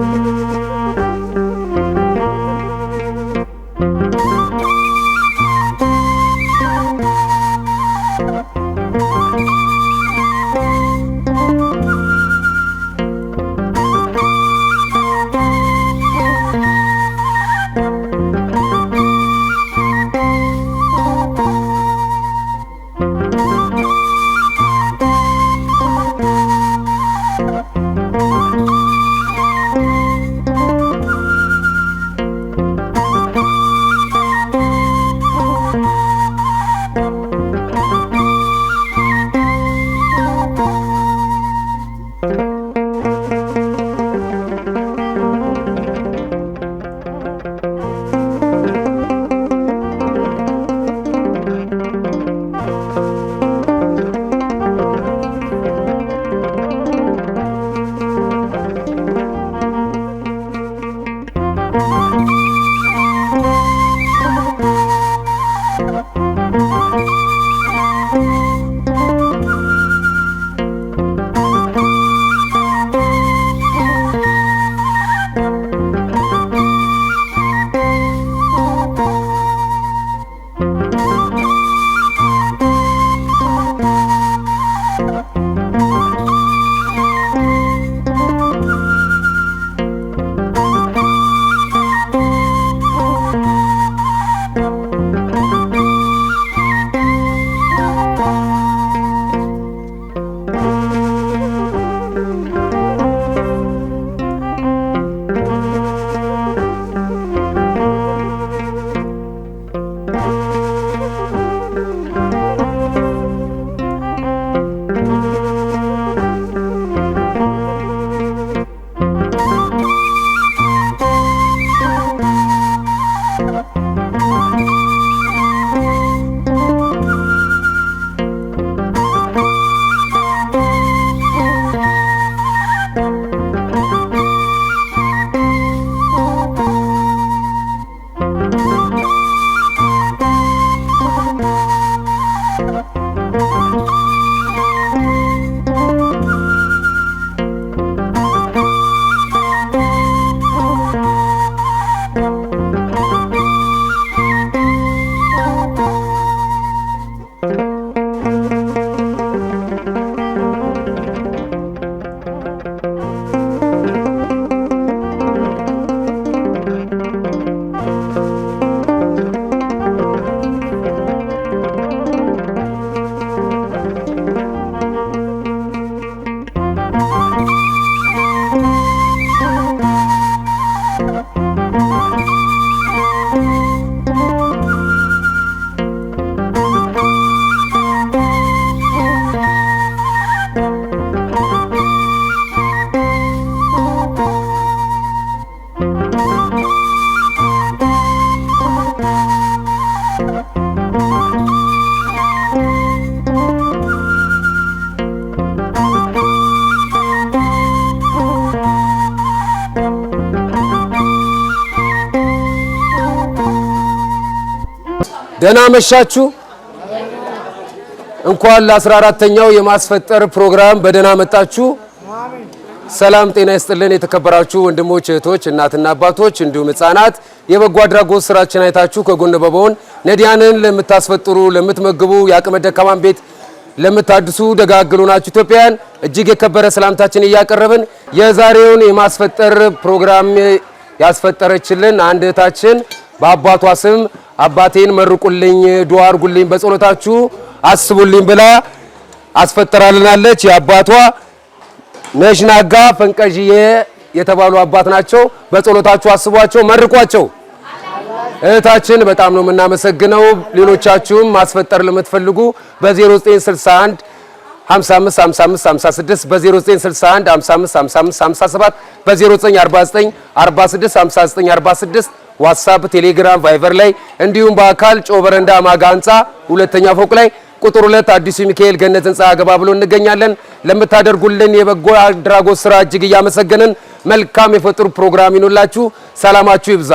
thank you ደህና መሻችሁ። እንኳን ለአስራ አራተኛው የማስፈጠር ፕሮግራም በደህና መጣችሁ። ሰላም ጤና ይስጥልን። የተከበራችሁ ወንድሞች እህቶች፣ እናትና አባቶች እንዲሁም ህጻናት የበጎ አድራጎት ስራችን አይታችሁ ከጎን በመሆን ነዳያንን ለምታስፈጥሩ፣ ለምትመግቡ፣ የአቅመ ደካማን ቤት ለምታድሱ ደጋግሉ ናችሁ ኢትዮጵያውያን እጅግ የከበረ ሰላምታችን እያቀረብን የዛሬውን የማስፈጠር ፕሮግራም ያስፈጠረችልን አንድ እህታችን በአባቷ ስም አባቴን መርቁልኝ፣ ዱዓ አድርጉልኝ፣ በጸሎታችሁ አስቡልኝ ብላ አስፈጠራልናለች። የአባቷ ነሽናጋ ፈንቀዥዬ የተባሉ አባት ናቸው። በጸሎታችሁ አስቧቸው፣ መርቋቸው። እህታችን በጣም ነው የምናመሰግነው። ሌሎቻችሁም ማስፈጠር ለምትፈልጉ በ0961 ዋትሳፕ፣ ቴሌግራም፣ ቫይቨር ላይ እንዲሁም በአካል ጮህ በረንዳ ማጋ ህንፃ ሁለተኛ ፎቅ ላይ ቁጥር ሁለት አዲሱ ሚካኤል ገነት ህንፃ አገባ ብሎ እንገኛለን። ለምታደርጉልን የበጎ አድራጎት ስራ እጅግ እያመሰገንን መልካም የፈጥሩ ፕሮግራም ይኑላችሁ። ሰላማችሁ ይብዛ።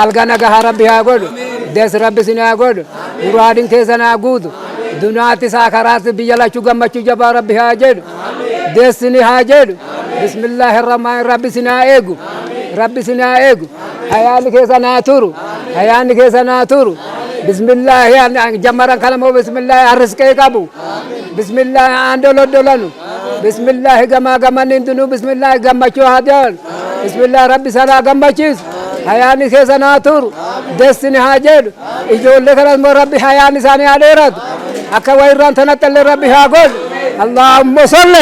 አልጋ ነገ ገሃረብ ያጎድ ደስ ረብስን ያጎድ ውራድን ከዘና ጉዱ ዱናት ሳከራት ቢያላቹ ገመቹ ጀባ ረብ ያጀድ ደስን ያጀድ ብስሚላህ ረማን ረብስን ያኤጉ ረብስን ያኤጉ አያን ከዘና ቱሩ አያን ከዘና ቱሩ ብስሚላህ ጀመረን ከለሞ ብስሚላህ አርስቀ ይቀቡ አንደሎ አንዶሎዶለኑ ብስሚላህ ገማ ገመን እንትኑ ብስሚላህ ገመቹ ሀዲያን ብስሚላህ ረብ ሰላ ገመችስ حياني كيزناتور دستني هاجر إجول لك أنا ربي حياني ساني على رد أكا ويران تنتل ربي هاقول اللهم صل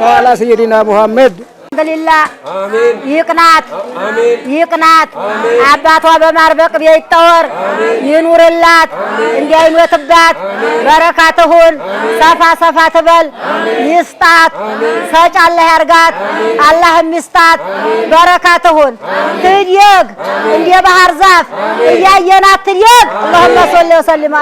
على سيدنا محمد አልሐምዱሊላ ይቅናት ይቅናት። አባቷ በማር በቅቤ ይጠወር ይኑርላት። እንዲያይኖትባት በረካ ትሁን። ሰፋ ሰፋ ትበል። ይስጣት ሰጭ አላህ ያርጋት። አላህም ይስጣት። በረካ ትሁን። ትድየግ እንደ ባህር ዛፍ እያየናት ትድየግ። አላሁመ ሶሊ ወሰሊም